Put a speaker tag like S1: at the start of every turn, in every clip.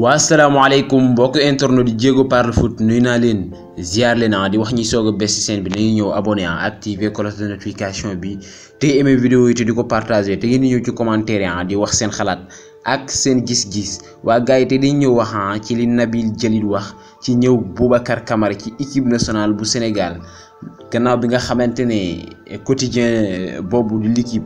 S1: waa alaykum mbokk internet di de parle foot nuyu naa leen ziar leen ah di wax ñi soog a bees seen bi nañu abonné ah, activer cloche de notification bi te aimé vidéo yi te di partager te ngeen de ci commentaire ah di wax seen xalaat ak seen gis-gis waa gars yi te dañu ñëw wax ah, ci li Nabil jëlit wax ci ñëw Boubacar Kamara ci équipe nationale bu Sénégal gannaaw bi nga xamante quotidien boobu l'équipe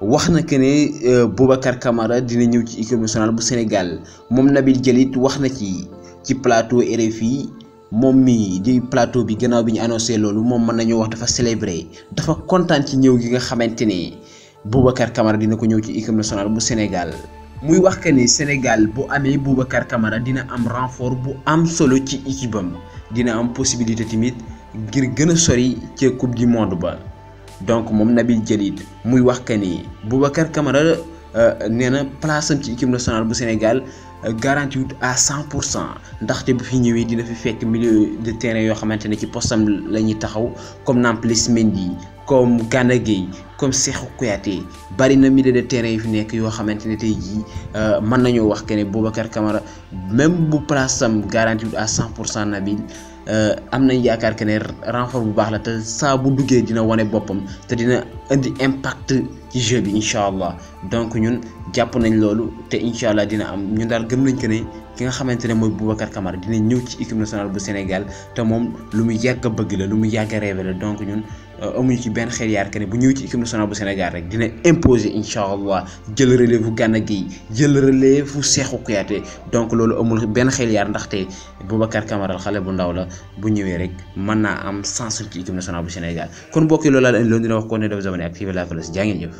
S1: wax na que ne euh, Boubacar Camara dina ñëw ci équipe nationale bu Sénégal moom Nabil Djelit wax na ci ci plateau RFI moom mi di plateau bi gannaaw bi ñu annoncé loolu moom mën nañoo wax dafa célébré dafa kontaan ci ñëw gi nga xamante ne Boubacar Camara dina ko ñëw ci équipe nationale bu Sénégal. muy wax que ni Sénégal bu amee Boubacar Camara dina am renfort bu am solo ci équipe am dina am possibilité tamit ngir gën a sori ca coupe du monde ba. donc moom Nabil Djellit muy wax que ni Boubacar Camara euh, nee na place am ci équipe nationale bu Sénégal euh, garanti à 100 pour cent bu fi ñëwé dina fi fekk milieu de terrain yo xamanteni ci postam la ñuy taxaw comme Nampalys Mendy comme Gana comme cheikh Kouyaté bari na milieu de terrain yu fi nekk yo xamanteni tay ji euh man nañu wax que ni Boubacar Camara même bu place am garanti à 100 Nabil. am nañ yaakaar que ne renfort bu baax la te saa bu duggee dina wane boppam te dina indi impact ci jeu bi incha allah donc ñun jàpp nañ loolu te incha allah dina am ñun daal gëm nañ que ne ki nga xamante ne mooy Boubacar Kamara dina ñëw ci équipe nationale bu Sénégal te moom lu mu yàgg bëgg la lu mu yàgg a la donc ñun euh, amuñu ci benn xel yaar que bu ñëw ci équipe nationale bu Sénégal rek dina imposer incha allah jël relève bu Gana Gueye jël relève bu Cheikhou Kouyaté donc loolu amul benn xel yaar ndaxte Boubacar Kamara xale bu ndaw la bu ñëwee rek mën naa am sens ci équipe nationale bu Sénégal kon mbokk yi loolu laa leen